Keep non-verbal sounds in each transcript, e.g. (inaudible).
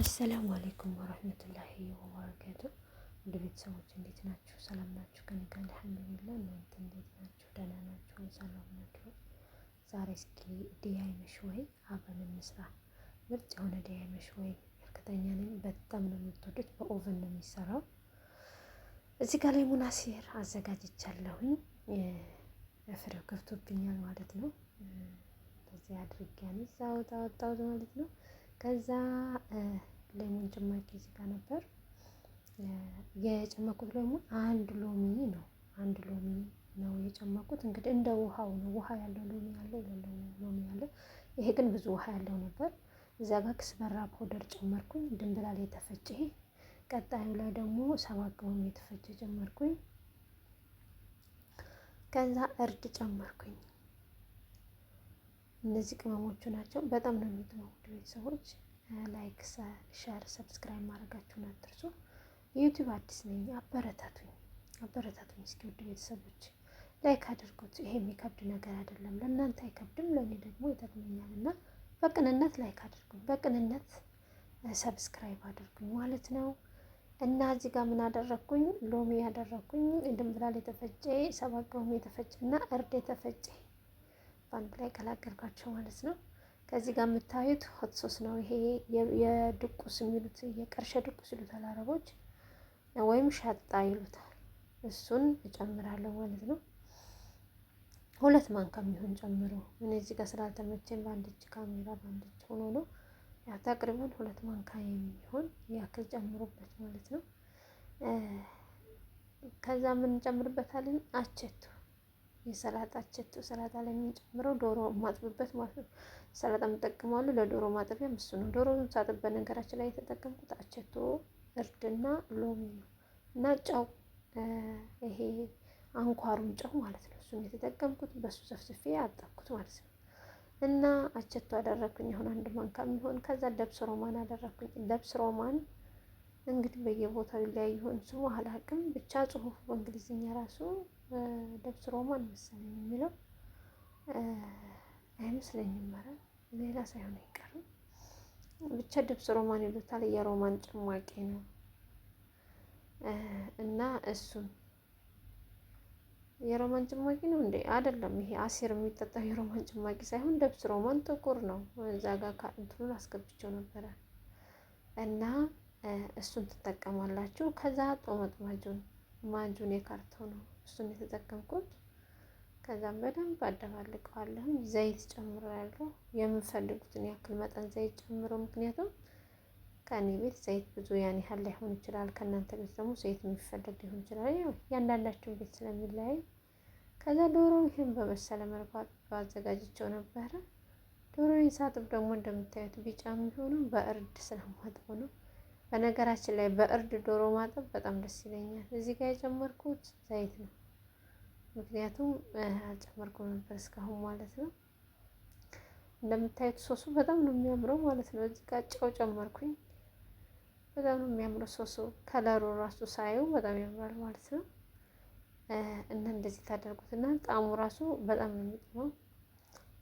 አሰላሙ አሌይኩም ወረህመቱላሂ ወበረካቱ። ወደ ቤተሰቦች እንዴት ናችሁ? ሰላም ናችሁ? ከእኔ ጋር አልሐምዱሊላህ። እናንተ እንዴት ናችሁ? ደህና ናችሁ? ሰላም ናችሁ? ዛሬ እስኪ ዲያይ መሽወይ አብረን እንስራ። ምርጥ የሆነ ዲያይ መሽወይ እርግጠኛ ነኝ በጣም ነው የምትወዱት። በኦቨን ነው የሚሰራው። እዚህ ጋር ላይ ሙናሲር አዘጋጅቻለሁኝ። ፍሬው ገብቶብኛል ማለት ነው። በዚህ አድርጊያን ዛወጣ ወጣሁት ማለት ነው። ከዛ ሌሞን ጭማቂ እዚህ ጋር ነበር የጨመቁት ሎሚ አንድ ሎሚ ነው፣ አንድ ሎሚ ነው የጨመቁት። እንግዲህ እንደ ውሃው ነው። ውሃ ያለው ሎሚ አለ፣ የሌለው ሎሚ አለ። ይሄ ግን ብዙ ውሃ ያለው ነበር። እዛ ጋር ክስበራ ፓውደር ጨመርኩኝ። ድንብላል የተፈጨ ቀጣዩ ላይ ደግሞ ሰባት ቅመም የተፈጨ ጨመርኩኝ። ከዛ እርድ ጨመርኩኝ። እነዚህ ቅመሞቹ ናቸው። በጣም ነው የሚጥመው። ቤተሰቦች ላይክ፣ ሸር፣ ሰብስክራይብ ማድረጋችሁን አትርሱ። የዩቲዩብ አዲስ ነኝ፣ አበረታቱኝ አበረታቱኝ። እስኪ ውድ ቤተሰቦች ላይክ አድርጉት። ይሄ የሚከብድ ነገር አይደለም። ለእናንተ አይከብድም፣ ለእኔ ደግሞ ይጠቅመኛል እና በቅንነት ላይክ አድርጉኝ፣ በቅንነት ሰብስክራይብ አድርጉኝ ማለት ነው። እና እዚህ ጋር ምን አደረግኩኝ? ሎሚ ያደረግኩኝ፣ ድንብላል የተፈጨ ሰባት ቅመም የተፈጨ እና እርድ የተፈጨ በአንድ ላይ ቀላቀልኳቸው ማለት ነው። ከዚህ ጋር የምታዩት ሆት ሶስ ነው። ይሄ የድቁስ የሚሉት የቀርሸ ድቁስ ይሉታል አረቦች፣ ወይም ሻጣ ይሉታል። እሱን እጨምራለሁ ማለት ነው። ሁለት ማንካ የሚሆን ጨምሮ እኔ እዚህ ጋር ስላልተመቸኝ በአንድ እጅ ካሜራ በአንድ እጅ ሆኖ ነው ያ ተቅሪቡን ሁለት ማንካ የሚሆን ያክል ጨምሩበት ማለት ነው። ከዛ ምን እንጨምርበታለን አቸቱ የሰላጣ ቸቶ ሰላጣ ላይ የምንጨምረው ዶሮ ማጥብበት ማለት ነው። ሰላጣ የምጠቀመዋለሁ ለዶሮ ማጠቢያ እሱ ነው። ዶሮ ሳጥብ በነገራችን ላይ የተጠቀምኩት አቸቶ እርድና ሎሚ ነው እና ጨው ይሄ አንኳሩን ጨው ማለት ነው። እሱን የተጠቀምኩት በሱ ሰፍስፌ አጠብኩት ማለት ነው። እና አቸቶ አደረግኩኝ አሁን አንድ ማንካ የሚሆን ከዛ ደብስ ሮማን አደረግኩኝ። ደብስ ሮማን እንግዲህ በየቦታው ይለያይ ይሆን ስሙ አላውቅም። ብቻ ጽሁፉ በእንግሊዝኛ ራሱ ደብስ ሮማን መሰለኝ የሚለው አይመስለኝም። ኧረ ሌላ ሳይሆን አይቀርም። ብቻ ደብስ ሮማን ይሉታል። የሮማን ጭማቂ ነው እና እሱን የሮማን ጭማቂ ነው እንዴ? አይደለም። ይሄ አሲር የሚጠጣው የሮማን ጭማቂ ሳይሆን ደብስ ሮማን ጥቁር ነው። እዛ ጋር እንትኑን አስገብቼው ነበረ እና እሱን ትጠቀማላችሁ። ከዛ ጦመጥ ማጁን ማጁን የካርቶኑ እሱን የተጠቀምኩት። ከዛም በደንብ አደባልቀዋለሁ። ዘይት ጨምሬያለሁ፣ የምፈልጉትን ያክል መጠን ዘይት ጨምሮ። ምክንያቱም ከእኔ ቤት ዘይት ብዙ ያን ያህል ላይሆን ይችላል፣ ከእናንተ ቤት ደግሞ ዘይት የሚፈለግ ሊሆን ይችላል። ያው ቤት ስለሚለያይ ከዛ ዶሮ ይህን በመሰለ መልኩ አዘጋጅቸው ነበረ። ዶሮ ሳጥብ ደግሞ እንደምታዩት ቢጫ የሚሆነው በእርድ ስለማጥቡ ነው። በነገራችን ላይ በእርድ ዶሮ ማጠብ በጣም ደስ ይለኛል። እዚህ ጋር የጨመርኩት ዘይት ነው፣ ምክንያቱም አልጨመርኩም ነበር እስካሁን ማለት ነው። እንደምታዩት ሶሱ በጣም ነው የሚያምረው ማለት ነው። እዚህ ጋር ጨው ጨመርኩኝ። በጣም ነው የሚያምረው ሶሱ። ከለሩ ራሱ ሳየው በጣም ያምራል ማለት ነው። እና እንደዚህ ታደርጉትና ጣዕሙ ራሱ በጣም ነው የሚጥመው።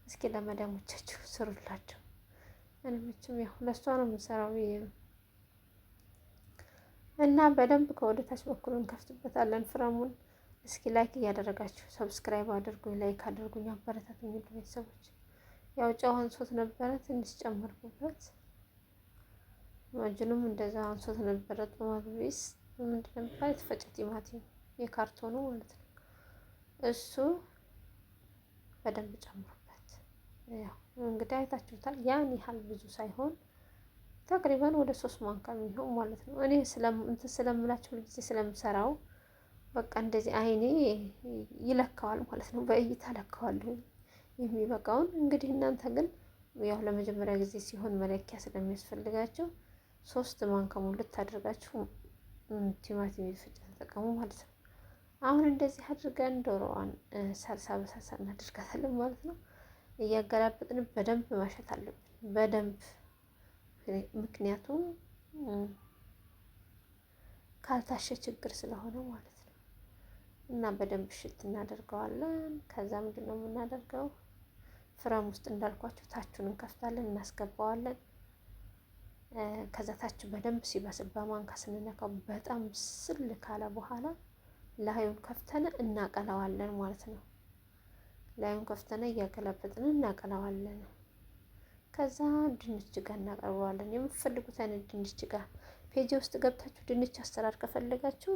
እስኪ ለመዳሞቻችሁ ስሩላቸው። እኔ መቼም ያው ለእሷ ነው የምሰራው ብዬ ነው እና በደንብ ከወደ ታች በኩል እንከፍትበታለን ፍረሙን። እስኪ ላይክ እያደረጋችሁ ሰብስክራይብ አድርጉ፣ ላይክ አድርጉኝ፣ አበረታቱኝ ቤተሰቦች። ያው ጨው አንሶት ነበረ ትንሽ ጨመርኩበት። ማጅኑም እንደዛ አንሶት ነበረ። ጦማቢስ ምንድን ነበር የተፈጨ ቲማቲም የካርቶኑ ማለት ነው። እሱ በደንብ ጨምሩበት። ያው እንግዲህ አይታችሁታል። ያን ያህል ብዙ ሳይሆን ተቅሪበን ወደ ሶስት ማንካ የሚሆን ማለት ነው። እኔ ስለምላቸው ጊዜ ስለምሰራው በቃ እንደዚህ አይኔ ይለካዋል ማለት ነው። በእይታ ለካዋለሁ የሚበቃውን። እንግዲህ እናንተ ግን ያው ለመጀመሪያ ጊዜ ሲሆን መለኪያ ስለሚያስፈልጋቸው ሶስት ማንካ ሙሉ ልታደርጋችሁ ቲማቲም ፍጫ ተጠቀሙ ማለት ነው። አሁን እንደዚህ አድርገን ዶሮዋን ሳልሳ በሳልሳ እናደርጋታለን ማለት ነው። እያገላበጥን በደንብ ማሸት አለብን በደንብ ምክንያቱም ካልታሸ ችግር ስለሆነ ማለት ነው። እና በደንብ እሽት እናደርገዋለን። ከዛ ምንድን ነው የምናደርገው? ፍረም ውስጥ እንዳልኳቸው ታችሁን እንከፍታለን፣ እናስገባዋለን። ከዛ ታች በደንብ ሲበስል በማንካ ስንነካው በጣም ስል ካለ በኋላ ላዩን ከፍተን እናቀለዋለን ማለት ነው። ላዩን ከፍተን እያገላበጥን እናቀለዋለን። ከዛ ድንች ጋር እናቀርበዋለን። የምትፈልጉት አይነት ድንች ጋር ፔጅ ውስጥ ገብታችሁ ድንች አሰራር ከፈለጋችሁ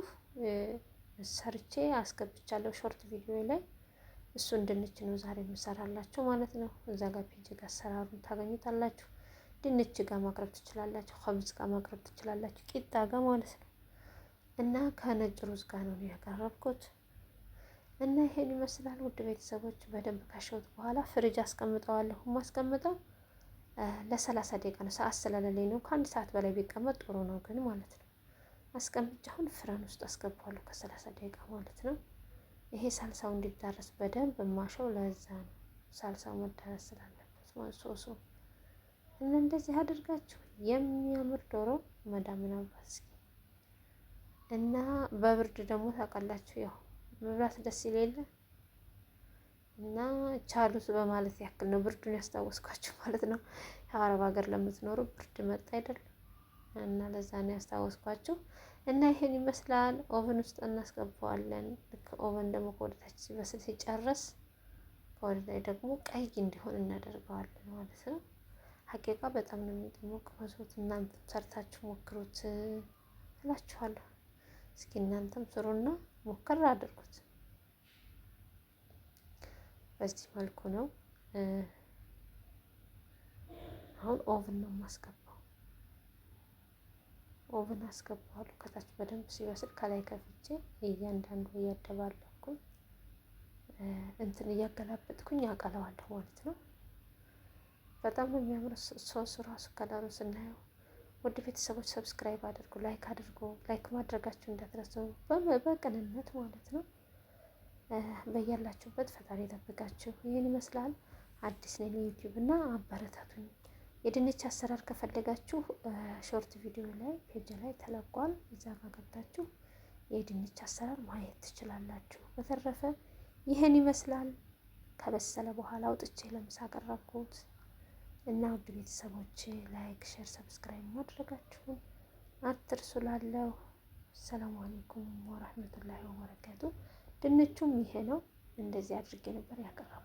ሰርቼ አስገብቻለሁ ሾርት ቪዲዮ ላይ እሱን ድንች ነው ዛሬ የምሰራላችሁ ማለት ነው። እዛ ጋር ፔጅ ጋር አሰራሩን ታገኙታላችሁ። ድንች ጋር ማቅረብ ትችላላችሁ፣ ከምስ ጋር ማቅረብ ትችላላችሁ፣ ቂጣ ጋር ማለት ነው። እና ከነጭ ሩዝ ጋር ነው ያቀረብኩት። እና ይሄን ይመስላል ውድ ቤተሰቦች። በደንብ ከሸውት በኋላ ፍሪጅ አስቀምጠዋለሁ ማስቀምጠው ለሰላሳ ደቂቃ ነው። ሰዓት ስለሌለኝ ነው። ከአንድ ሰዓት በላይ ቢቀመጥ ጥሩ ነው ግን ማለት ነው። አስቀምጬ አሁን ፍረን ውስጥ አስገባዋለሁ ከሰላሳ ደቂቃ ማለት ነው። ይሄ ሳልሳው እንዲዳረስ በደንብ ማሸው ለዛ ነው። ሳልሳው መዳረስ ስላለበት ሶሶ እና እንደዚህ አድርጋችሁ የሚያምር ዶሮ መዳምን አባስኪ እና በብርድ ደግሞ ታውቃላችሁ ያው መብላት ደስ ይሌለን እና ቻሉስ በማለት ያክል ነው ብርዱን ያስታወስኳቸው (laughs) ማለት ነው። የአረብ ሀገር ለምትኖሩ ብርድ መጣ አይደለም እና ለዛ ነው ያስታወስኳቸው። እና ይሄን ይመስላል። ኦቨን ውስጥ እናስገባዋለን። ልክ ኦቨን ደግሞ ከወደታች ሲበስል ሲጨርስ ከወደ ላይ ደግሞ ቀይ እንዲሆን እናደርገዋለን ማለት ነው። ሀቂቃ በጣም ነው የሚጠሞቅ መስት እናንተም ሰርታችሁ ሞክሩት እላችኋለሁ። እስኪ እናንተም ስሩና ሞከር አድርጉት። በዚህ መልኩ ነው። አሁን ኦቭን ነው የማስገባው። ኦቭን አስገባዋለሁ። ከታች በደንብ ሲበስል ከላይ ከፍቼ እያንዳንዱ እያደባለኩኝ እንትን እያገላበጥኩኝ ያቀለዋለሁ ማለት ነው። በጣም ነው የሚያምረው ሶስ ራሱ ከዳሩ ስናየው። ውድ ቤተሰቦች ሰብስክራይብ አድርጉ፣ ላይክ አድርጉ። ላይክ ማድረጋችሁ እንዳትረሱ በቅንነት ማለት ነው። በያላችሁበት ፈጣሪ የጠብቃችሁ። ይህን ይመስላል። አዲስ ነኝ ዩቲዩብ እና አበረታቱኝ። የድንች አሰራር ከፈለጋችሁ ሾርት ቪዲዮ ላይ ፔጅ ላይ ተለቋል። እዛ ጋር ገብታችሁ የድንች አሰራር ማየት ትችላላችሁ። በተረፈ ይህን ይመስላል። ከበሰለ በኋላ አውጥቼ ለምሳ አቀረብኩት እና ውድ ቤተሰቦች ላይክ፣ ሼር፣ ሰብስክራይብ ማድረጋችሁን አትርሱ። ላለሁ ሰላም አለይኩም ወረህመቱላሂ ወበረካቱ ድንቹም ይሄ ነው። እንደዚህ አድርጌ ነበር ያቀረበው።